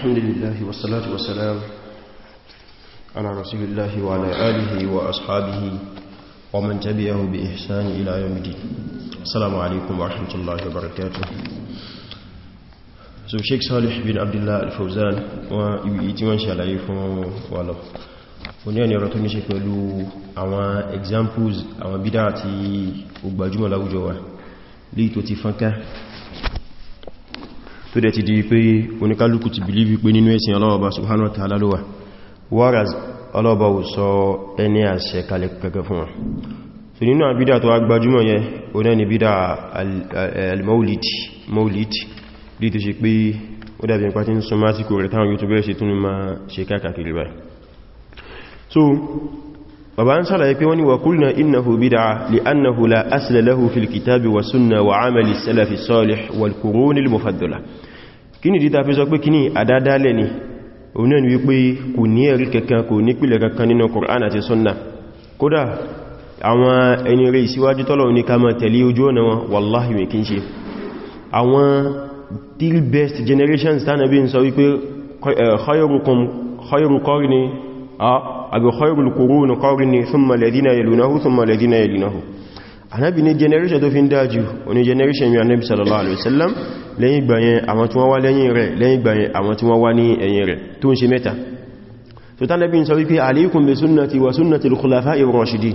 الحمد لله والصلاة والسلام على رسول الله وعلى آله وأصحابه ومن تبعه بإحسان إلى يوم الدين السلام عليكم ورحمة الله وبركاته so Sheikh Salih bin Abdullah Al-Fawzan wọn ibi tí wọ́n ṣàlàyé fún wa lọ fún ní ọ̀rọ̀ tó ní ṣe pẹ̀lú àwọn examples àwọn bídá àti ògbàjúmọ̀ láwùjọ wa lè tó ti fánká tó dẹ̀ ti di pé oníkálùkù ti believe pé nínú ẹ̀sìn ọlọ́ọ̀bá subhanahu wa ta'ala ló whereas ọlọ́ọ̀bá ò sọ ẹni àṣẹ kalẹ̀ kẹ́kẹ́ fún wọn so nínú àbídà tó agbájúmọ̀ yẹ oná ni bídà al-maulid maulid bí tó ṣe pé ó dàbí nípa tí ń sọ másìkò rẹ̀ táwọn youtube ṣe so bàbá ń sàlàyé pé wọ́n ní wàkúlùnà innahu bid'a li'annahu la asla lahu fil kitabi wa sunna wa amali salafi salih wal qurunil mufaddala kí ni díta fi sọ pé kí ni àdádálẹ̀ ni òun wípé kò ní ẹ̀rí kankan kò ní pìlẹ̀ kankan nínú Qur'an àti àbí khairul quruni qarni thumma alladhina yalunahu thumma alladhina yalunahu anábi ní generation tó fi ń dájú oní generation mi anábi sallallahu alaihi wasallam lẹ́yìn gbàyẹn àwọn tí wọ́n wá lẹ́yìn rẹ̀ lẹ́yìn gbàyẹn àwọn tí wọ́n wá ní ẹ̀yìn rẹ̀ tó ń ṣe mẹ́ta so tánàbí ń sọ wípé alaykum bi sunnati wa sunnati al-khulafa'i ar-rashidin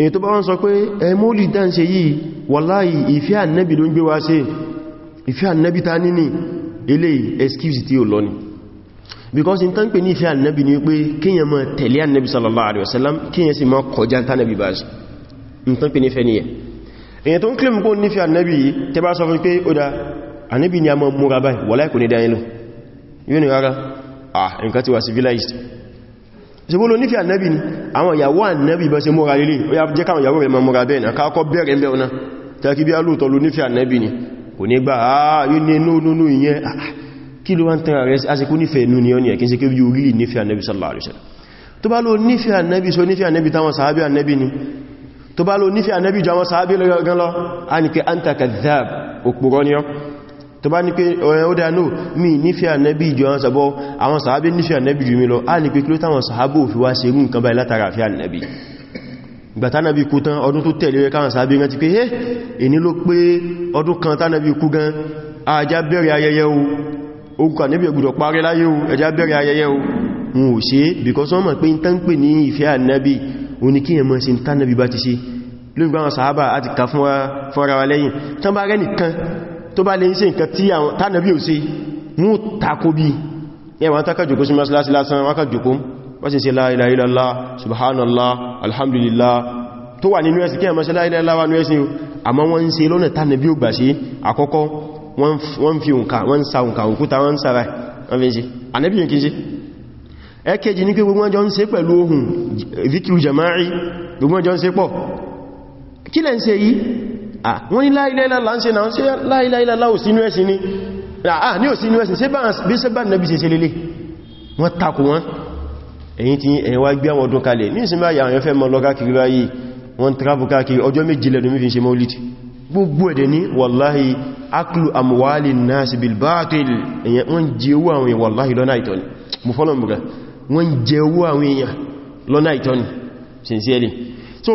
èyí tó bá wọ́n sọ pé ẹmọ́lì dánṣe yìí wàláhì ìfẹ́ ànẹ́bì ló ń gbé wá ṣe ìfẹ́ ànẹ́bì ta níní ilé excuse tí ó lọ ni because in tán pè ní ìfẹ́ ànẹ́bì ni pé kíyàn máa tẹ̀lé ànẹ́bì sallallahu alaihi wasallam kíyàn sì máa kọjá tánẹ́bì bá ṣe in tán pè ní fẹ́ níyẹ èyàn tó ń kílìm kó nífẹ́ ni a máa múra báyìí wàláhì kò ní ah nǹkan civilized ṣe bó ló nífẹ́ ànẹ́bì ni àwọn ìyàwó ànẹ́bì bẹ́ ṣe múra lílé ó yá jẹ́ káwọn ìyàwó rẹ̀ ma múra bẹ́ẹ̀ náà káàkọ́ bẹ̀rẹ̀ mẹ́ ọ̀nà tẹ́kí bí alóòtọ́ ló nífẹ́ ànẹ́bì ni kò ní gbà ààrí ah, ní nónónó ìyẹn ah, ah. kí ló wá ń tẹ́ra rẹ̀ àsìkò nífẹ́ inú sallallahu alaihi wasallam tó bá ló nífẹ́ ànẹ́bì so nífẹ́ ànẹ́bì táwọn ni tó bá ló nífẹ́ ànẹ́bì jọ àwọn sàábí lọ gan tó bá ní pé ọ̀rẹ́ eh, ó dánú mi nífẹ́ ànẹ́bí ìjọ àwọn sàbọ́ àwọn sàábé nífẹ́ ànẹ́bí jù mí lọ á ní pé kí ló táwọn sàábò fi wá ṣe rú nǹkan báyìí látara fẹ́ ànẹ́bí gbàtánàbí kú tán ọdún tó tẹ̀lé rẹ̀ káwọn sàábé rántí pé hé eh, èní ló pé ọdún kan tánàbí kú gan ajá bẹ̀rẹ̀ ayẹyẹ because wọ́n mọ̀ pé tán pè ní ìfẹ́ ànẹ́bí oníkíyàn mọ́ sí tánàbí bá ti ṣe lórí báwọn sàábà àti kà tó bá lè ṣe nǹkan tí àwọn tánàbí ò sí mú takó bí yẹwà tákà jùkú sí masalasi lásán wákà jùkú wọ́n sì ṣe la ilaha illallah subhanallah alhamdulillah tó wà nínú ẹ̀sìn kí a masalá ilẹ̀lá wà nínú ẹ̀sìn àmọ́ wọ́n ń ṣe lọ́nà tánàbí ò gbà sí àkọ́kọ́ wọ́n fi òǹkà wọ́n sa òǹkà òkúta wọ́n sára wọ́n fi ṣe ànábì yẹn kìí Ah, wọ́n ní láìláìlá láńṣẹ́ náà ṣe láìláìlá láò sínú ẹ̀sìn ni àà ah, ah, ní ò sínú ẹ̀sìn ṣe bí ṣe bá nẹ́bí ṣe ṣe lélẹ̀ wọ́n takò wọ́n èyí tí ẹ̀wà gbé àwọn ọdún kalẹ̀ ní ìsinmi àyà àwọn ẹfẹ́ mọ́ lọ káàkiri báyìí wọ́n travel káàkiri ọjọ́ méjì lẹ́nu mífi ṣe mọ́lìtì gbogbo ẹ̀dẹ̀ ní wàláhì aklu amwali nasi bil batil èyàn wọ́n jẹ owó àwọn èèyàn wàláhì lọ́nà ìtọ́ni mo fọ́lọ̀ mọ̀gá wọ́n jẹ owó àwọn èèyàn lọ́nà ìtọ́ni sincerely so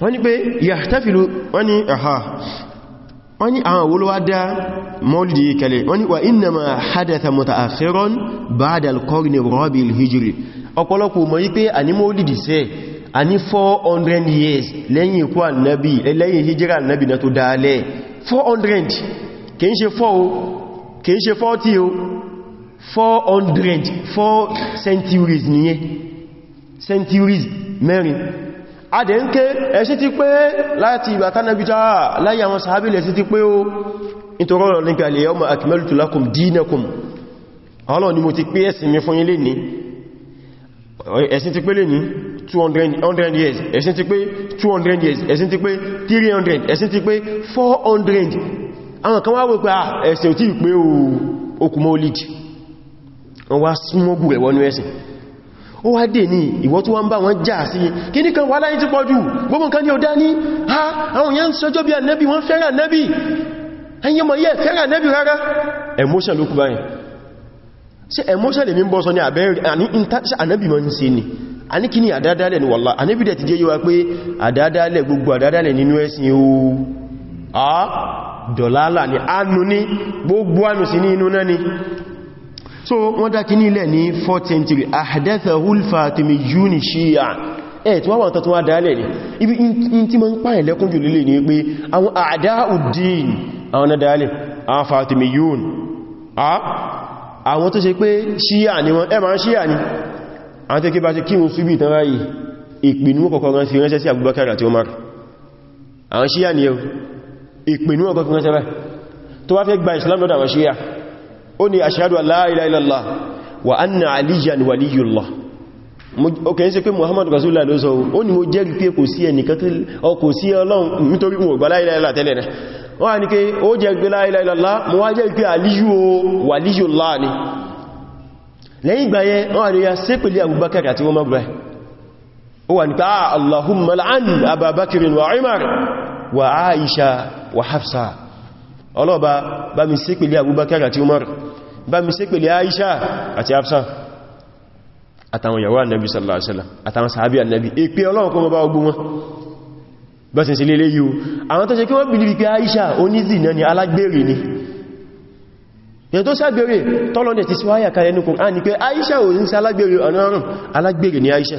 wọ́n ní pé yàtàfìlú wọ́n ní àhá wọ́n ní àwọn olówá dá mọ́lìdì kẹlẹ̀ wọ́n ní wà iná ma hadatha muta'akhiran ba'da al-qarni rabi al-hijri ọ̀pọ̀lọpọ̀ mọ̀ yí pé a ní mọ́lìdì sẹ́ a ní 400 years lẹ́yìn ikú annabi lẹ́yìn hijira annabi na tó dálẹ̀ 400 kìí ṣe 4 kìí ṣe centuries nìyẹn centuries mẹ́rin adẹ̀ ń ké ẹ̀ṣí ti pé láti ìgbàtánàbíjá láyé àwọn sàábílẹ̀ sí ti pé ó ìtòrọ̀rọ̀ ní gàlẹ̀ yawma akmaltu lakum dinakum ọlọ́ ni mo ti pé ẹ̀sìn mi fún yín lè ní ẹ̀sìn ti pé lè ní 200 years ẹ̀sìn ti pé 200 years ẹ̀sìn ti pé 300 ẹ̀sìn ti pé 400 àwọn kan wá wé ẹ̀sìn ò pé okùnmọ́ olíjì wọ́n wá smọ́gù rẹ̀ wọnú ẹ̀sìn ó wá dè ní ìwọ tó wá ń bá wọn jà sí kíní kan wà láyé ti pọ̀jù gbogbo nǹkan ní ọ̀dá ní ha àwọn èèyàn sọjọ́ bí ànẹ́bì wọ́n fẹ́ràn ànẹ́bì ẹ̀yin mọ̀ yẹ́ fẹ́ràn ànẹ́bì rárá emotion ló kú báyìí ṣe emotion lè mi ń bọ́ sọ ní àbẹ́rẹ̀ ànẹ́bì mọ́ ń ṣe ni a ní kíní àdádálẹ̀ ni wàlá ànẹ́bì gbogbo àdádálẹ̀ ni anu ni gbogbo anu ní inú náà ni so wọ́n dá kìíní ilẹ̀ ní 4th century ahdathahul fatimiyuni shia ẹ̀ tí wọ́n wọ́n tọ́tún wá dálẹ̀ ní ibi in tí ma ń pààyàn lẹ́kún jù lílé ní pé àwọn àdáùdín àwọn dálẹ̀ àwọn fatimiyun tó shia ni wọ́n shia ni àwọn tó kí bá ṣe kí wọ́n súbì tán ráyìí ìpinnu kọ̀kọ̀kan fi ránṣẹ́ sí shia ni ẹ̀ ìpinnu kọ̀kọ̀kan sẹ́fẹ́ tó wá fẹ́ gba Islam lọ́dọ̀ àwọn shia ó ní ashhadu an la ilaha illallah wa anna aliyan waliyullah o kẹ́ ṣe pé muhammadu rasulullah ló sọ ó ní mo jẹ́rìí pé kò sí ẹnìkan tí ọ kò sí ọlọ́run nítorí wọn gbà la ilaha illallah tẹ́lẹ̀ náà wọ́n ni pé ó jẹ́ la ilaha illallah mo wá jẹ́rìí pé aliyu waliyullah ni lẹ́yìn ìgbà yẹn wọ́n ni ya sépèlé abubakar àti wọn mọ́gbà ó wà ní pé ah, allahumma wa aisha wa hafsa ọlọ́ba bá mi sépèlé abubakar àti umar bá mi ṣépè lé Aisha àti Hafsa àtàwọn ìyàwó annabi sallallahu alaihi wasallam àtàwọn sàábí annabi èpè Ọlọ́run kó má bá ogun wọn bá sì sí lélé yíò àwọn tó ṣe kí wọ́n bìlì pé Aisha onízìnà ni alágbèrè ni yẹn tó ṣàgbèrè tọ́lọ́dẹ̀ ti síwáyà kan ẹnukùn Aisha ò ní sí alágbèrè ni Aisha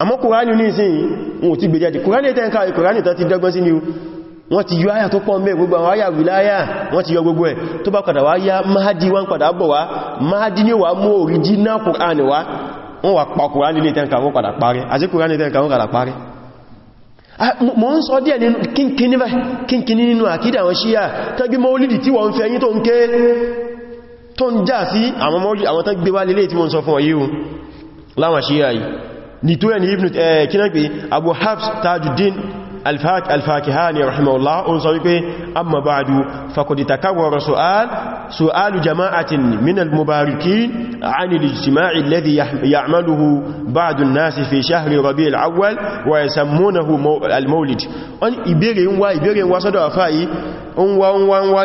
àmọ́ kùránì ní ìsìn wọn ti gbèjáde kùránì tẹ́ ń ká ìkùránì tán ti dọ́gbọ́n sí ni wọ́n ti yọ àyà tó pọ̀ mẹ́ gbogbo àwọn àyà wìláyà wọ́n ti yọ gbogbo ẹ̀ tó bá padà wá yá wọ́n padà bọ̀ wá Mahdi ní wà mú original kùránì wá wọ́n wà pa kùránì lè tẹ́ǹkà wọ́n padà parẹ́ àti kùránì tẹ́ǹkà wọ́n padà parẹ́ mo ń sọ díẹ̀ nínú kínkíní nínú àkídà àwọn ṣíyà tẹ́gbí mọ́lìdì tí wọ́n ń fẹ́ yí tó ń ké tó ń já nítorí ní ibn eh, kíná pé abu hafs tajuddin alfakihani rahimahullah on sọ wípé amma ba'du faqad takawwara su'al su'alu jama'atin min al-mubarikin 'an al-ijtima'i alladhi ya'maluhu ba'du an-nas fi shahri rabi' al-awwal wa yasammunahu al-mawlid on ìbéèrè ń wá ìbéèrè ń wá sọ́dọ̀ afayi on wá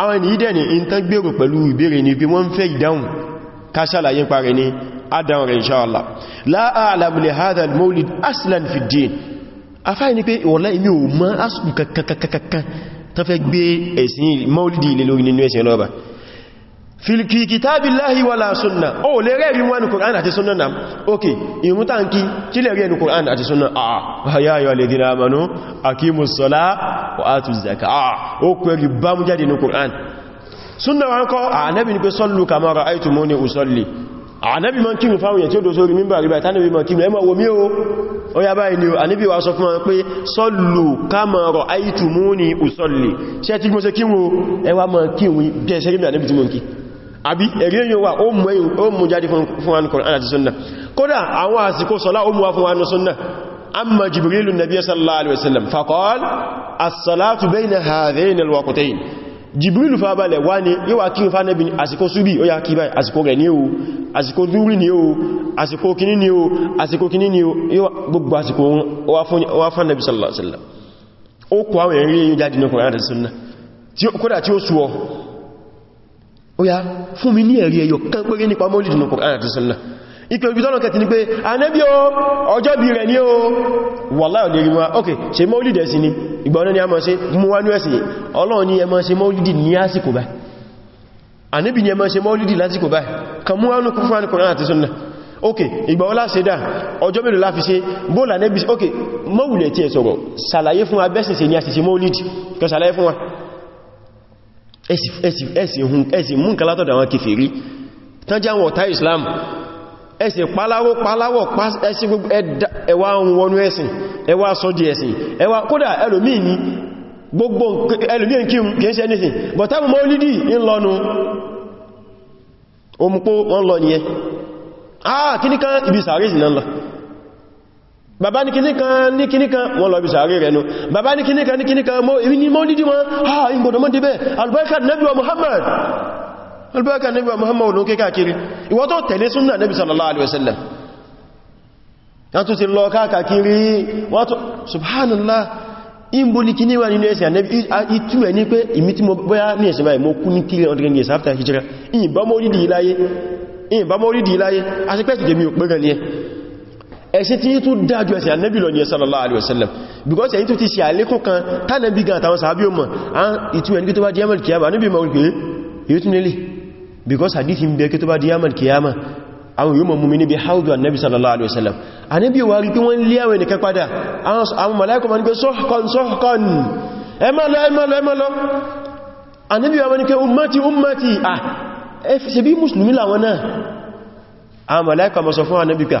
àwọn ènìyàn dẹ̀ ní in tán gbèrò pẹ̀lú ìbéèrè ni pé wọ́n ń fẹ́ ìdáhùn ká ṣàlàyé parẹ ní adáhùn rẹ̀ inṣáàlá la a'lamu li hadha al-mawlid aslan ni pé wọ́lá imi ò mọ́ asùn kankankankan tán fẹ́ gbé ẹ̀sìn mawlidi ilé lórí nínú fi kitabillahi wala sunna o lè rẹ́rí wọn ní Kùránì àti sunna náà ok ìrún tàǹkí kí lè rí ẹnu Kùránì àti sunna àà ah, ya ayyuha alladhina amanu aqimus salata wa atuz zakata àà ah, ó pẹ̀lú bá mú jáde ní Kùránì sunna wọn kọ́ ah, ànábì ní pé sallu kama ra'aytumuni usalli ànábì mọ́ kí ní fáwọn èèyàn tí ó dò sórí mímbà rí báyìí tánàbí mọ́ kí ní ẹmọ́ omi o ó yá báyìí ni ànábì wa sọ fún wọn sallu kama ra'aytumuni usalli ṣe tí mo ṣe kí wọn ẹwà mọ́ kí wọn gẹ́ẹ̀ṣẹ́rí mi ànábì tí mo ń àbí ẹ̀rí èyàn wà ó mú jáde fún wa ní Qur'an àti súnnà kódà àwọn àsìkò sọ́lá ó mú wa fún wa ní súnnà amma jibrilu nabi sallallahu alaihi wasallam faqal as-salatu bayna hadhayn jibrilu fa balẹ̀ wá ní yíwa kí n fa nabi àsìkò súbí ó yá kí báyìí àsìkò rẹ̀ ní o àsìkò dúrí ní o àsìkò kíní ní o àsìkò kíní ní o yíwa gbogbo àsìkò wá fún nabi sallallahu alaihi wasallam ó kọ àwọn ẹ̀rí yíjáde kódà tí ó sú oya fún mi ní ẹ̀rí ẹyọ kan péré nípa mọ́lì dínú Kùránì àti Sunnah ìpẹ̀ òbí tọ́nà kẹtì ní pé Ànábì o ọjọ́ bí rẹ̀ ní o wàláhì lè rí wá ok ṣe mọ́lì dẹ̀sí ni ìgbọ̀nà ni a mọ́ ṣe mú wá ní ẹ̀sì Ọlọ́run ni ẹ má ṣe mọ́lì ní àsìkò báyìí Ànábì ni ẹ má lásìkò báyìí kan mú wánú kúfà ní Kùránì àti Sunnah ok ìgbà ọlá ṣe dá ọjọ́ mélòó láfi ṣe bóòlà nẹ́bí ok mọ́wùlẹ̀ tí ẹ sọ̀rọ̀ ṣàlàyé fún abẹ́sẹ̀sẹ̀ ni a sì ṣe mọ́lìdì kọ ẹ̀sì mú nǹkan látọ̀dọ̀ àwọn kèfèrí tán jẹ́ àwọn ọ̀tá Islam ẹ̀sì pàláwọ́ pàláwọ́ ẹ̀sì gbogbo ẹwà wọnú ẹ̀sìn ẹwà sọ́dí ẹ̀sìn ẹwà kódà ẹlòmíì ní gbogbo ẹlòmíì kìí ṣe bàbá ní kíní kan ní kíní kan wọ́n lọ bí sàárè rẹ̀ nù bàbá ní kíní kan ní kíní kan mọ́ èmi ni mọ́ nídí wọn ha ìgbọ̀dọ̀ mọ́ débẹ̀ albáríkà nẹ́bíwa Muhammad albáríkà nẹ́bíwa Muhammad olóké káàkiri ìwọ tó tẹ̀lé súnnà nẹ́bí sallallahu alaihi wasallam wọ́n tún ti lọ káàkiri wọ́n tún subhanallah ìbò ní kíní wà nínú ẹ̀sìn ànẹ́bí ìtú ẹ̀ ẹ̀sìn tí tó dájú ẹ̀sìn annabi lọ ní sallallahu alaihi wasallam because ẹ̀yìn tó ti ṣe àlékún kan tánàbí gan àtàwọn sàábí o mọ̀ ìtú ẹni tó bá di yamal kiyama níbi ma wípé yóò tún nílé because hadith ń bẹ́ẹ̀ tó bá di yamal kiyama àwọn yóò mọ̀ mú mi níbi haudu annabi sallallahu alaihi wasallam annabi wa rí pé wọ́n lé àwọn ẹnìkan padà àwọn mọ̀láìkọ̀ ma ní pé sọ́hkan sọ́hkan ẹ má lọ ẹ má lọ ẹ má lọ annabi wa ma ní pé ummati ummati ah ẹ fi ṣe bí musulmi làwọn náà àwọn mọ̀láìkọ̀ ma sọ fún annabi ah, ka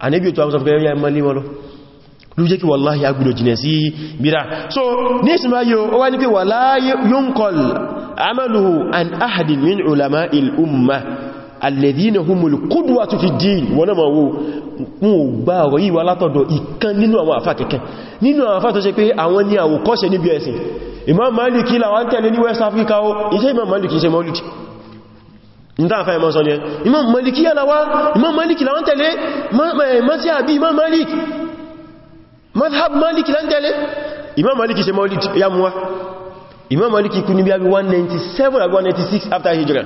àníbí ètò àwọn sọfẹ́ yẹ mọ́ níwọ́n lọ ló jẹ́ kí wallahi agbúdọ̀ jìnà sí so ní ìsinmi ayò ó wá ní pé wala yunqal amaluhu an ahadin min ulama'il ummah alladhina humul qudwatu fi din wọ́n náà wo mú gbá ọ̀rọ̀ yíwa látọ̀dọ̀ ìkan nínú àwọn àfá kẹ̀kẹ́ nínú àwọn àfá tó ṣe pé àwọn ní àwòkọ́ṣe níbi ẹ̀sìn Imam Maliki làwọn tẹ̀lé ní West Africa ó iṣẹ́ Imam Maliki ṣe Maulidi nta fa imam sọ ní imam maliki yana wa imam maliki làwọn tẹ̀lé masi abi imam malik madhhab maliki làwọn tẹ̀lé imam maliki ṣe maulid ya muwa imam maliki kú ní bí abi 197 abi 196 after hijra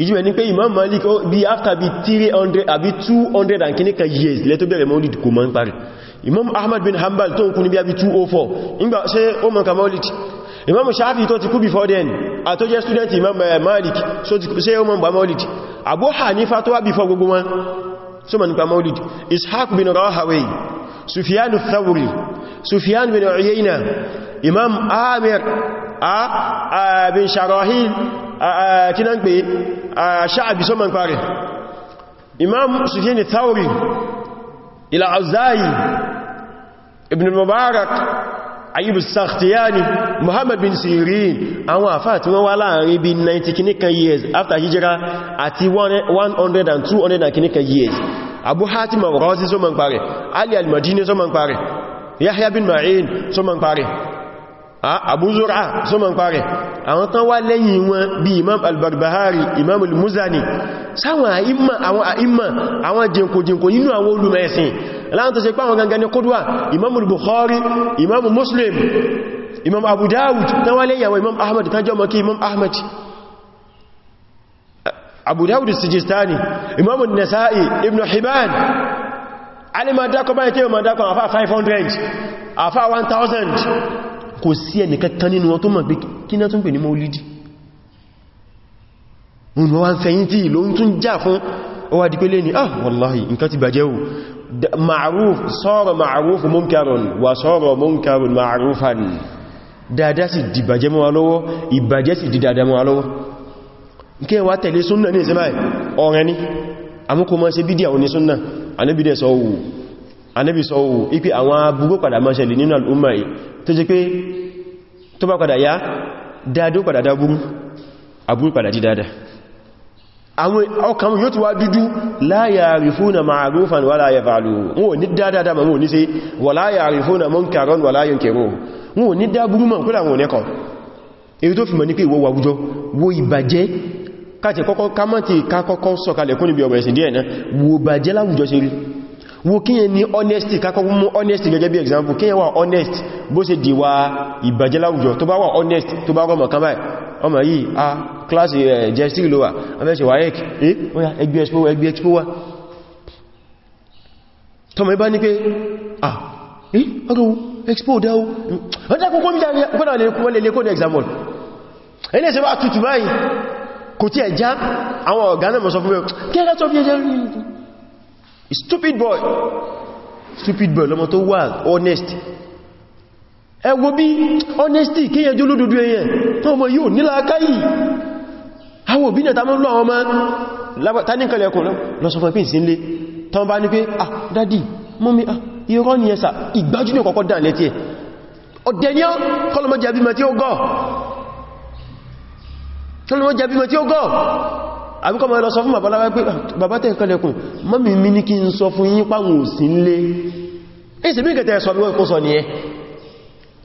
ìjíwẹ̀ ní pé imam malik bí after bí 300 200 and kìníkà years lẹ́ tó bẹ̀rẹ̀ maulid kò mọ́ ń parí imam ahmad bin hanbal tó ń kú ní bí abi 204 ìgbà ṣe ó mọ̀ ka maulid imam shafi tó ti kú before then àtọ́jẹ́ ah, student Imam eh, Malik ṣe ó mọ̀ nípa Maulid Abu Hanifa tó wá bí fọ́ gbogbo wọn ṣe mọ̀ nípa Maulid Ishaq bin Rahawai Sufyan al-Thawri Sufyan bin Uyayna Imam Amir a bin Sharahil kínan pé Sha'bi sọ mọ̀ nípa rẹ̀ Imam Sufyan thawri ila Auza'i Ibn mubarak ayubu sakhtiyani muhammad bin sirin àwọn àfáà tí wọ́n wá láàrin bí 90 kìníkan years after hijira àti 100 and 200 kìníkan years abu hatim al-razi so man pare ali al-madini so man pare yahya bin ma'in so man pare abu zura so man pare àwọn tán wá lẹ́yìn wọn bí imam al-barbahari imam al-muzani sáwọn àìmọ̀ àwọn àìmọ̀ àwọn nínú àwọn olùmẹ̀ẹ̀sìn láwọn tó ṣe pàwọn gangan ní kúdùwà imamu bukhari imamu muslim imam abu dawud tán wá lẹ́yàwó imam ahmad tán jọ mọ́kí imam ahmad abu dawud sijistani Imamu nasa'i ibn hibban alima dákọ báyẹ̀ tí yóò ma dákọ àfá 500 àfá 1000 kò sí ẹnìkan kan nínú wọn tó mọ̀ pé kí náà tún pè ní maulidi wọn wọ́n fẹ̀yìntì ló ń tún jà fún ó wá di ah wallahi nǹkan ti bàjẹ́ o ma'ruf sọ́rọ̀ ma'ruf munkarun wa sọ́rọ̀ munkarun ma'rufan dáadáa sì di bàjẹ́ mọ́ wa lọ́wọ́ ìbàjẹ́ sì di dáadáa mọ́ wa lọ́wọ́ kí wá tẹ̀lé súnnà ní ìsinmi ọ̀rẹ́ ní àmúkò mọ́ sí bídí àwọn ní súnnà anábì sọ́wọ́ ipi àwọn abúgbò padà mọ́ ṣẹlẹ̀ nínú al'umma yìí tó jẹ́ pé tó bá padà yá dáadó padà dábúrú abúrú padà di dada àwọn ọkàn yóò ti wá dúdú la ya'rifuna ma'rufan wala yaf'alun wọn ní dáadáa ma wọn ní sí wala ya'rifuna munkaran wala yunkiruhu wọn ní dábúrú mọ̀ kúrò àwọn onẹ́kọ̀ èyí tó fi mọ̀ ní pé ìwọ wàwújọ wo ìbàjẹ́ káàkiri kọ́kọ́ kámọ́tì kákọ́kọ́ sọ̀kalẹ̀ kún níbi ọ̀rọ̀ ẹ̀sìn díẹ̀ honest bó ṣe dìwà ìbàjẹ́ láwùjọ tó bá honest tó bá rọ̀mọ̀ kan ọmọ yìí a kíláàsì eh, jẹ́sìtì ló wà ọmọ́ẹ̀ṣẹ̀ wáyẹ̀kì e eh oya ẹgbẹ́ expo wa ẹgbẹ́ expo wa tọmọ ibá ní pé ah eh ọdún expo dáwó ọjọ́ kókó ní jẹ́ stupid boy stupid boy lọ́mọ tó wà honest ẹgbò bí honesty kíyànjú lódúdú èyàn tó mọ̀ yóò nílá káyì àwọn òbí nẹ̀ta mọ́ àwọn ọmọ táníkẹ̀lẹ̀kùn lọ́sọ̀fọ́ pín sí nlé tán bá ní pé ah dádì mọ́mí ah irọ́ ni ẹsà ìgbájú ní ọkọ̀kọ́ dáa lẹ́tí ẹ̀ ọ̀dẹ̀ ní kọlọmọjẹ́ abímọ tí ó gọ́ àbíkọ́ mọ́ lọ sọ fún bàbá pé bàbá tẹ́ kọlẹ̀kùn mọ́mí mi ní kí n sọ fún yín páwọn òsìn lé èsì bí kẹtẹ̀ sọ bí wọ́n kó sọ ni ẹ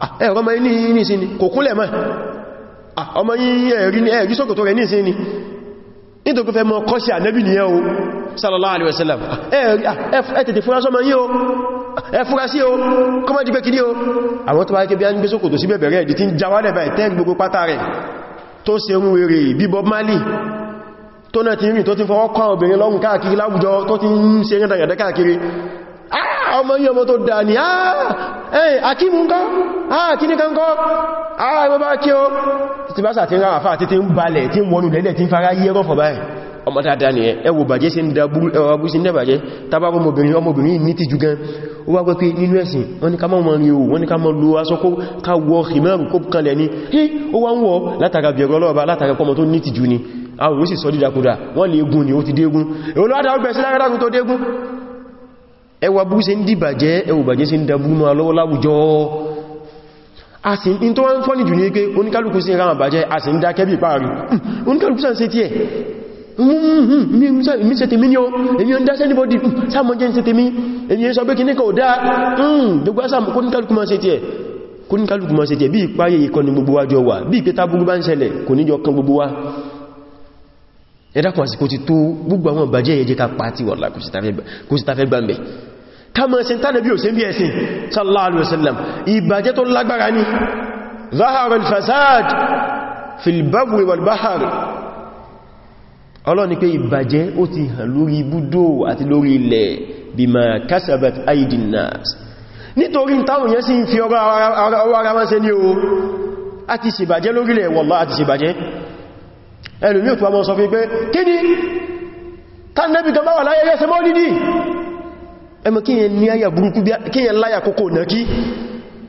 ẹ̀rọ ah, eh, ọmọ yìí ní ìsìn ni kò kúnlẹ̀ mọ́ ah, ọmọ yìí ẹ̀rí sókòtò rẹ̀ ní ìsìn ni nítorí fẹ́ mọ́ kọ́sí ànẹ́bì ni ẹ́ o sallallahu alaihi wasallam ah, ẹ tètè fúra sọ́mọ yìí o ẹ fúra sí o kọ́mọ́ di pé kìdí o àwọn tó wáyé kébí á ń gbé sókòtò sí bẹ̀bẹ̀rẹ̀ ìdí tí ń jawálẹ̀ báyìí tẹ́ gbogbo pátá rẹ̀ tó ṣe ń wèrè bí Bob Marley tó náà ti rìn tó ti fọwọ́ kọ́ obìnrin lọ́rùn káàkiri láwùjọ tó ti ń ṣe rẹ̀ dàgàdà káàkiri ah ọmọ yí ọmọ tó dà ní ààrẹ ah, eh, akímù ń kọ́ ààkíní ah, kan kọ́ ààrẹ bọ́ bá kí o ti bá sàtí rárá fà àti tí ń balẹ̀ tí ń wọnú lẹ́lẹ̀ tí ń fara yí ẹrọ́fọ̀ báyìí ọmọ ni ẹ wo bàjẹ́ sí ń dẹ̀bàjẹ́ tàbábọ́ ọmọbìnrin ọmọbìnrin ní tìjú gan ó wá gbé pé nínú ẹ̀sìn wọ́n ní ká mọ́ wọn ni o wọ́n ní ká mọ́ lo aṣọ kó ká wọ ìmẹ́rù kó kanlẹ̀ ní ó wá ń wọ látara bẹ̀rọ lọ́ọ̀bá látara kọmọ tó ní tìjú ni àwọn òsì sọ dídakúdà wọ́n lè gún ni ó ti dégún ẹwà bú sí ń dìbà jẹ́ ẹwà bàjẹ́ sí ń dàbú ma lọ́wọ́ láwùjọ a sì ń tó wá ń fọ́nì jù ní pé oníkálùkù sí ìrànà bàjẹ́ a sì ń dá kẹ́bì páàrí oníkálùkù sàn sí tí ẹ̀ mi se tèmi ní o èmi o ń dá sẹ́nibọ́dì hmm, sáàmọ́ jẹ́ ń se tèmi èmi sọ pé kìníkà ò dá hmm, gbogbo sáàmọ́ kóníkálùkù máa se tí ẹ̀ kóníkálùkù máa se tí ẹ̀ ẹ̀dàkùn àsìkò ti tó gbogbo àwọn ìbàjẹ́ ẹ̀yẹ ká pàtí wọ̀lá kò sí kama sin ta nabi o sin bi ẹ̀sìn sallallahu alaihi wasallam ìbàjẹ́ tó lágbára ni zahara al-fasad fil barri wal bahri Ọlọ́run ní pé ìbàjẹ́ ó ti hàn lórí ibùdó àti lórí ilẹ̀ bima kasabat aydin nas nítorí táwọn yẹn sì ń fi ọwọ́ ara wọn ṣe ní o a ti ṣèbàjẹ́ lórílẹ̀ wallahi a ṣèbàjẹ́ ẹlùmí ò tó sọ fi pé kí ni tánàbì tó wà láyé sẹmọ́ nídìí ẹmọ kíyàn ní àyà burúkú kíyàn láyà kókò náà kí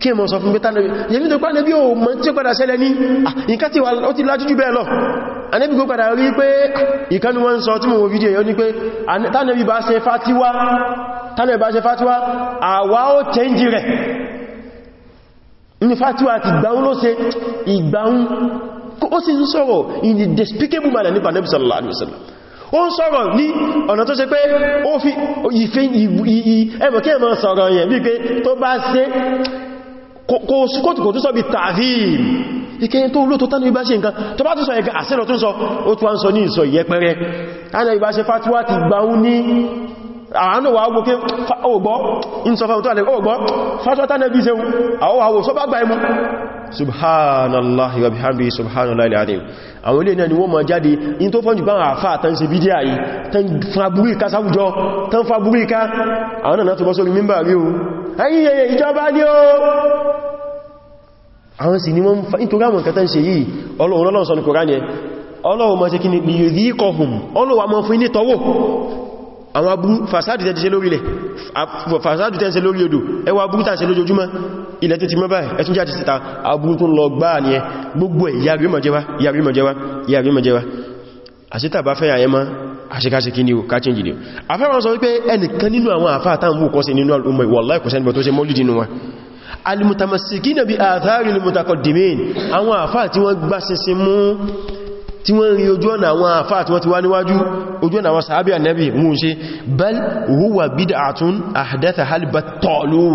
kí mọ̀ sọ fún pẹ́ta náà yẹ̀mí tó pàdé bí o mọ̀ tí ó padà ṣẹlẹ̀ ní ìkà tí ó ti lájú jù bẹ́ẹ̀ lọ anẹ́bí kó padà rí pé ìkanu wọn sọ tí mo wo fídíò yóò ní pé tánàbí ìgbàun ó sì ń sọ̀rọ̀ in the despicable manner nípa nẹ́bí sallallahu alaihi wasallam ó ń sọ̀rọ̀ ní ọ̀nà tó ṣe pé ó fi ìfẹ́ ẹmọ̀ kí ẹmọ̀ sọ̀rọ̀ yẹn wípé tó bá ṣe kò síkòtùkò tó sọ bí tààfíìm ìkẹyìn tó ló tó tánú ibá ṣe nǹkan tó bá tún sọ ẹ̀gá àṣírọ̀ tún sọ ó tún wọ́n sọ ní ìsọ ìyẹpẹrẹ ánà ibá ṣe fàtíwá ti gbáún ní àánú wà ágbò kí ọgbọ́ subhanallahi wa bihamdihi subhanallahi alazim àwọn ilé náà ni wọ́n ma jáde in tó fọ́njú báwọn àfá tán ṣe bídíà yìí tán fàbúríká sáwùjọ tán fàbúríká àwọn náà tó bọ́ sórí mímbà rí o ayíyẹ ìjọba ní o àwọn sì ni wọ́n fa nítorí àwọn nǹkan tán ṣe yìí ọlọ́run ọlọ́run sọ ní kòrán yẹn ọlọ́run ma ṣe kí ni liyudhiqahum ọlọ́run wa ma fún ní tọwọ́ àwọn abúrú fasádù tẹ́ ti ṣe lórí ilẹ̀ fasádù tẹ́ ti ṣe lórí odò ẹwà abúrú tàà ṣe lójoojúmọ́ ilẹ̀ tó ti mọ́ báyìí ẹ̀tún jáde síta abúrú tó ń lọ gbáà ní ẹ gbogbo ẹ̀ yàrí mọ̀jẹ́wá yàrí mọ̀jẹ́wá yàrí mọ̀jẹ́wá àṣítà bá fẹ́ àyẹ́mọ́ àṣíkáṣí kí ni ó káàkiri jìdí afẹ́wọ̀n sọ wípé ẹnìkan nínú àwọn àfáà táwọn wùkọ́ sí nínú alùmọ̀ wallahi kò sẹ́nìbọ̀ tó ṣe mọ́lìdì nínú wọn alìmùtàmàsìkí nàbí àtàrí lè àwọn àfáà tí wọ́n gbá mú tí wọ́n rí ojú ọ̀nà àwọn àfáà tí wọ́n ti wá níwájú ojú ọ̀nà àwọn sàábí ànẹ́bì mú ṣe bal huwa bid'atun ahdatha halbattalu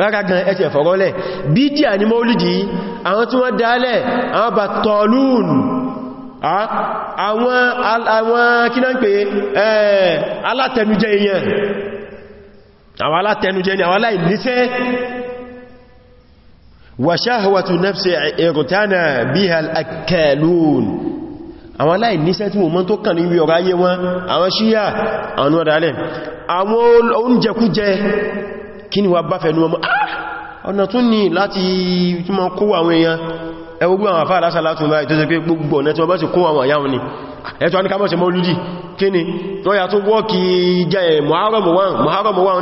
rárá gan ẹ̀tẹ̀ fọ̀rọ́lẹ̀ bídíà ní maulidi àwọn tí wọ́n dálẹ̀ àwọn battalun àwọn kí náà ń pè alátẹnujẹ ni àwọn aláìníṣẹ́ wàṣáhàwàtù nafsi ìrùtánà bí i al'akẹ́lùn àwọn aláì níṣẹ́ tí mo mọ́ tó kàn ní ọ̀rọ̀ ayé wọn àwọn ṣíyà àwọn ọ̀dálẹ̀ àwọn oúnjẹkújẹ kí ni wà bá fẹ̀nu ọmọ ah! ọ̀nà tún ní láti ẹwọ́gbọ́ àwọn àfáà lásàlátù láì tó ṣe pé gbogbo ọ̀nà tí wọ́n bá sì kún àwọn àyáwọn ni ẹ̀tọ́ a ní ká mọ́ ṣe kí ni tó yà tó eh, wọ́kì ah, jẹ́ mọ̀hárọ̀mọ̀wọ́n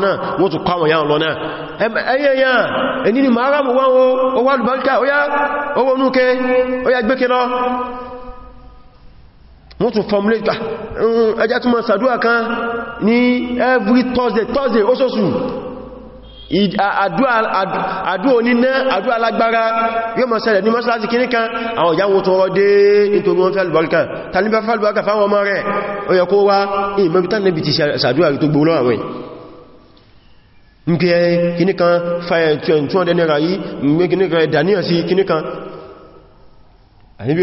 every Thursday Thursday ó sọ́sù àdúà oníná àdúà alágbára yóò mọ̀ ṣẹlẹ̀ ní mọ́sálásí kìíní kan àwọn ìyàwó tó rọdé nítorí wọn fẹ́ alùbáríkà tàbí fẹ́ alùbáríkà fáwọn ọmọ rẹ̀ ó yẹ kó wá ìmọ̀bítà níbi ti ṣàdúrà tó gbó lọ́wọ́ àwọn nke kìíní kan 200 naira yìí mgbe kìíní kan daniel sí kìíní kan àníbí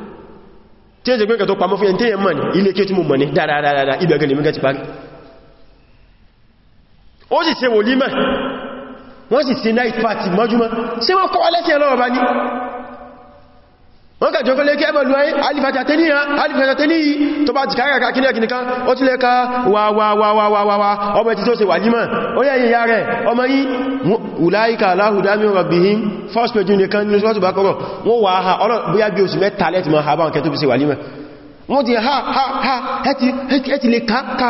tí ẹ̀sẹ̀ pẹ́kẹ̀ tó pàmọ́ fún ẹntẹ́yẹ mọ̀ ní ilé kí tí mo mọ̀ ní dáradára ibẹ̀gẹ̀ lè mẹ́gẹ̀ ti parí ó sì ṣe wọ́n sì night party mọ́júmọ́ sí wọ́n kọ́ ọlẹ́sẹ̀ lọ́wọ́ bá ní wọ́n kàjọ kọ́ lé kí ẹmọ̀lú ayé alìfàjàtẹ́níyà alìfàjàtẹ́níyì tó bá jìkáyà kàkílẹ̀ kìnìkan ó ti lè ka wàwàwàwàwà ọmọ ẹ̀tí tó ṣe wà nímọ̀ ó yẹ́ ìyá rẹ̀ ọmọ yí ulaika aláhùdámi rabbihim first page nìkan ní sọ́tù bá kọ́rọ̀ wọ́n ha ọ̀rọ̀ bóyá bí oṣù mẹ́ta lẹ́tì mọ́ ha bá ń kẹ́ tó ha ha ha ẹti lè ká ká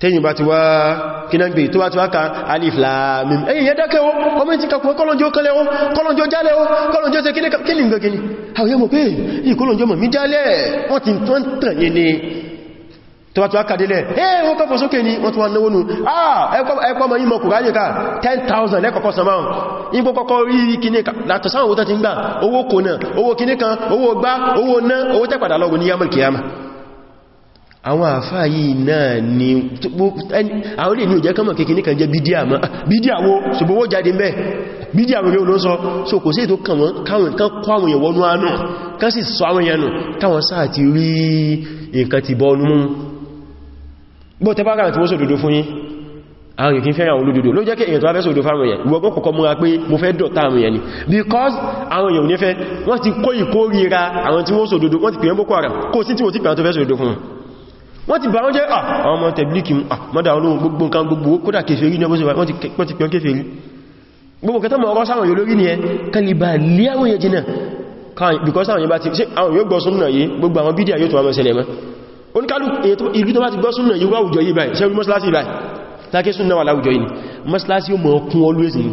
tẹ́yìn bá ti wá kínágbé tó wá ti wá ka alif lam mim ẹ̀yìn yẹ dákẹ́ o ọmọ ìtí kàkùn kọ́lọ̀njọ́ kẹlẹ̀ o kọ́lọ̀njọ́ jálẹ̀ o kílì gbẹ̀gẹ̀ni àwọn yẹ́ pé yìí kọ́lọ̀njọ́ mọ̀ mí jálẹ̀ wọ́n ni tó wá ti wá kàdílẹ̀ ẹ́ wọ́n kọ́fọ́ sókè ni wọ́n ti wá náwó nù ẹ̀pọ̀ mọ̀ yímọ̀ kùránì ká 10,000 lẹ́kọ̀ọ́kọ́ samáhùn ìgbó kọ́kọ́ rí kíní látọ̀ sáwọn owó tán ti ń gbà owó kò náà owó kíní kan owó gbá owó ná owó tẹ́pàdà lọ́gbọ̀ ní yàmùl kìyàmà àwọn àfáà yìí náà ni àwọn ilé ní ìjẹ́ kánmọ̀ kéèkì ní kan jẹ́ bídíà mọ́ ah, bídíà wo ṣùgbówó jáde mẹ́ bídíà wo yóò ló sọ so kò sí ètò káwọn kọ́ àwọn èèyàn wọnú àánú kán sì sọ àwọn èèyàn káwọn sáà ti rí nǹkan ti bọ́ọ̀nú mú bó tẹ́ bá kàrà tí wọ́n because àwọn èèyàn nífẹ́ wọ́n ti kó ìkórira àwọn tí wọ́n sòdòdó wọ́n ti pè é boko haram kó sí tí wọ́n ti pè àwọn tó fẹ́ sòdòdó fún wọn wọ́n ti bá wọ́n jẹ́ ah, àwọn ọmọ tẹ̀blíkì ah, mọ́dá olóhun gbogbo nǹkan gbogbo kódà kèfèrí ní ọbọ́sí wọ́n ti pẹ̀ọ́n kèfèrí gbogbo kẹta mọ̀ ọ̀rọ̀ sáwọn yóò lórí ní ẹ kalibà lé àwọn yẹ jìnà because àwọn yóò bá ti ṣe àwọn yóò gbọ́ súnnà yìí gbogbo àwọn bídíà yóò tó wà mẹ́sẹ̀lẹ̀ mọ́ oníkálù ìlú tó bá ti gbọ́ súnnà yìí wáwùjọ yìí báyìí ṣẹ́rí mọ́sílásí báyìí láké súnnà wà láwùjọ yìí mọ́sílásí mọ̀ ọkùn always ni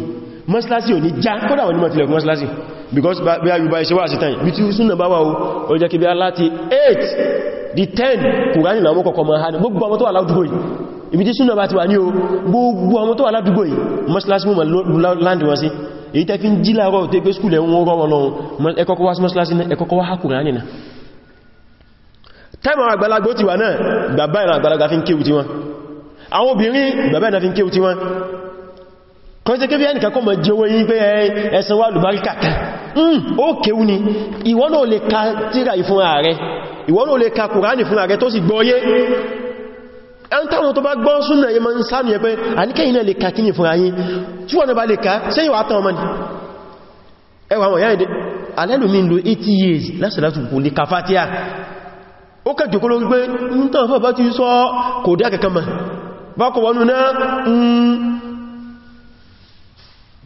mọ́sílásí ò ní já kódà wọn ni mọ̀ tilẹ̀kùn mọ́sílásí because bí a yóò bá ṣe wà sí tàn bí tí súnnà bá wà ó jẹ́ kí bí a láti 8 di 10 kùránì náà mú kọ̀kọ́ mọ̀ hàn gbogbo ọmọ tó wà ládùúgbò yìí ibi tí súnà bá ti wà ní o gbogbo ọmọ tó wà ládùúgbò yìí mọ́sílásí mú láńdì wọn sí èyí tẹ́ fi ń jí láàárọ̀ tó pé skúlù ẹ̀wọ̀n rọ́ wọn lọ́wọ́ ẹkọ́kọ́ wá sí mọ́sílásí ẹkọ́kọ́ wá kùránì náà tẹ́mọ̀ àgbàlagbó ti wà náà bàbá ìran àgbàlagbà fi ń kéwù ti wọn àwọn obìnrin ìfún hmm, ààrẹ ìwọ ló lè ka kùránì fún ààrẹ tó sì gbọ́yé ẹn táwọn tó bá gbọ́ súnà yẹ ma ń sáàmì ẹ̀pẹ́ àníkẹ́yìn náà lè ka kíni fún ayín tí wọ́n bá lè ka sẹ́yìn years lásìlátù kò lè ka fátíà ó kẹjọ kó ló gbé ń tàn fà bá ti sọ kò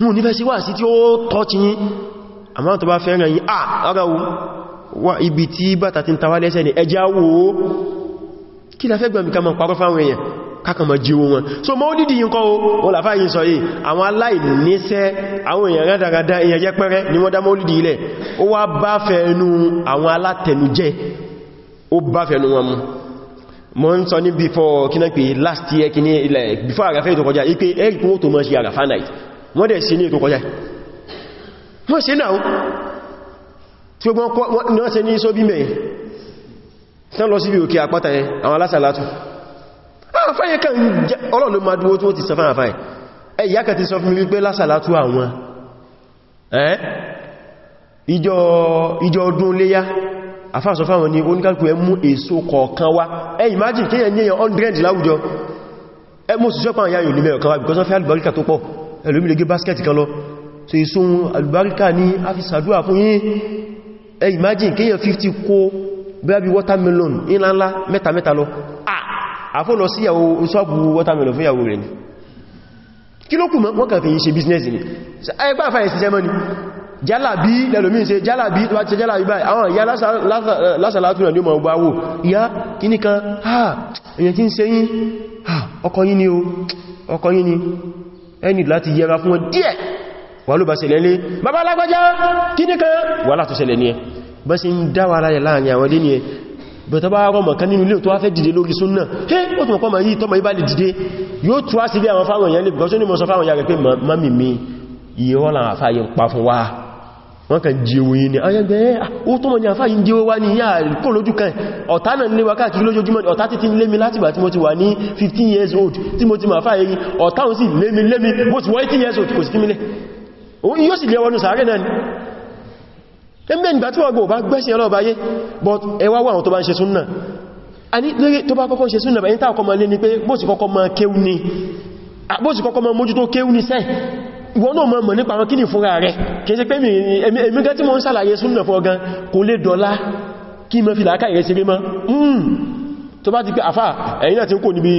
mú nífẹ́ sí wà sí tí ó tọ́ ti yín àmá tó bá fẹ́ràn yín à ara wà ibi tí bàtà ti ń tawà lẹ́sẹ̀ ní ẹjá wò ó kí la fẹ́ gbẹ̀mí ká mọ̀ parọ́ fáwọn èèyàn kákàmọ̀ jíwó wọn so mọ́ nídi yín kọ́ o láfá yín sọ yìí àwọn aláìníṣẹ́ ni wọ́n dá mọ́lìdì ilẹ̀ ó wá bá fẹ́ẹ̀nú àwọn alátẹnujẹ́ ó bá before kí náà last year kini ní before àràfẹ́ ìtọkọjá ipé ẹ̀rì kún ó tó mọ́ sí àràfá night wọ́n dẹ̀ sí ní ètò kọjá wọ́n sí náà tí wọ́n se ní iso bí mẹ́yìn tán lọ síbi òkè àpáta yẹn àwọn alásàlátù ah, àfáyẹ kan ọlọ́lọ́ ma dúró tí wọ́n ti sọ fún àfáyẹ ẹ̀yà kẹ ti sọ fún mi wípé lásàlátù àwọn ìjọ ọdún léyá àfáàsọ fáwọn ní oníkàlùkù ẹ mú èso kọ̀ọ̀kan wá ẹ imagine kéyàn ní èyàn 100 láwùjọ ẹ mú sí sọ́pàá àyàyò nílẹ̀ ọ̀kan wá because wọ́n fẹ́ àlùbáríkà tó pọ̀ ẹlòmí lè gé báskẹ̀tì kan lọ so èso alùbáríkà ní a fi sàdúwà fún yín ẹ imagine kíyàn 50 kó bẹ́ẹ̀bí watermelon ìlànlá mẹ́ta-mẹ́ta lọ àfọ́ lọ sí ìyàwó ṣọ́pù watermelon fún ìyàwó rẹ̀ ni kí ló kù mọ́ wọ́n kàn fi yí ṣe business ni ẹgbà àfáyẹ̀ sí jẹ́mọ́ ni jálàbí lẹ́lòmí ṣe jálàbí tó bá ti jálàbí báyìí àwọn ìyá lásàlátúnà ní ọmọ ọgbà wò ìyá kìníkan ha èyàn tí ń ṣe yín ọkọ yín ni o ọkọ yín ni ẹni láti yẹra fún wọn díẹ̀ wà ló bá ṣẹlẹ̀ lé bàbá alágbàjá kí ní kan wà látò ṣẹlẹ̀ ní ẹ bá sí ń dáwà aláyẹ láàrin àwọn dé ní ẹ bẹ̀tọ́ bá rọmọ̀ kan nínú ilé tó wá fẹ́ dìde lórí súnnà ẹ́ ó tún kọ́ ma yí tọ́mọ̀ ibá lè dìde yóò tú á sí bí àwọn fáwọn èèyàn lè bùkọ́ tó ní mọ́ fáwọn yàrẹ pé mọ́mí mi ìyẹ́wọ́n làwọn àfáyẹ pa fún wa wọ́n kàn jíwò yìí ni ayẹ́gbẹ́ eh, ah, ó tó mọ̀ ní àfá yìí jíwò wá ní ìyá kò lójú ọ̀tá náà lé wákàtí lójójúmọ́ ọ̀tá títí lé mi láti bà tí mo ti wà ní 15 years old tí mo ti mọ̀ àfá yìí ọ̀tá òun sì lé mi lé mi mo ti wọ́ 18 years old kò sí kímílé yóò sì lé wọnú ni ẹgbẹ́ ìgbà tí wọ́n gbọ́ bá gbẹ́sìn ọlọ́ọ̀bá yé but ẹwà wà àwọn tó bá ń ṣe súnnà a ní lórí tó bá kọ́kọ́ ṣe súnnà bẹ̀yìn tàà kọ́ mọ́ ìwọ náà mọ̀ nípa wọn kí ní fúnra rẹ̀ kìí ṣe pé èmi gẹ́ tí mo ń sàlàyé súnnà fún ọgán kò lè dọ́lá kí mọ́ fi làákà ìrẹsì rí mọ́ tó bá ti pé àfà ẹ̀yìn àti ń hmm, kò níbi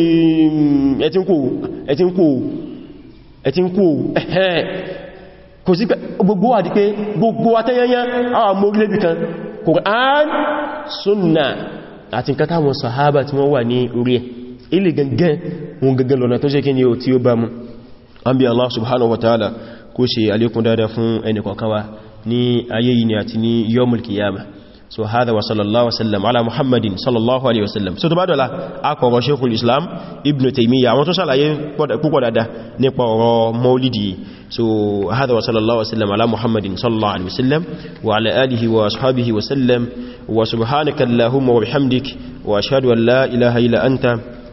ẹ̀tí ń kò Qur'an súnnà àti nǹkan táwọn sàhábà tí wọ́n wà ní orí ẹ̀ ilé gangan wọn ambi Allah subhanahu wa ta'ala kó ṣe alékún dáadáa fún ẹni kọ̀ọ̀kan wa ní ayé yìí ni àti ní yawmul qiyamah so hada wa sallallahu wa sallam ala muhammadin sallallahu alaihi sallam so tó bá dọ̀la akọ̀rọ̀ sheikhul islam ibn taymiya àwọn tó sàlàyé púpọ̀ dada nípa ọ̀rọ̀ maulidi so hada wa sallallahu wa sallam ala muhammadin sallallahu alaihi sallam wa ala alihi wa ashabihi wa sallam wa subhanaka allahumma wa bihamdik wa ashhadu an la ilaha illa anta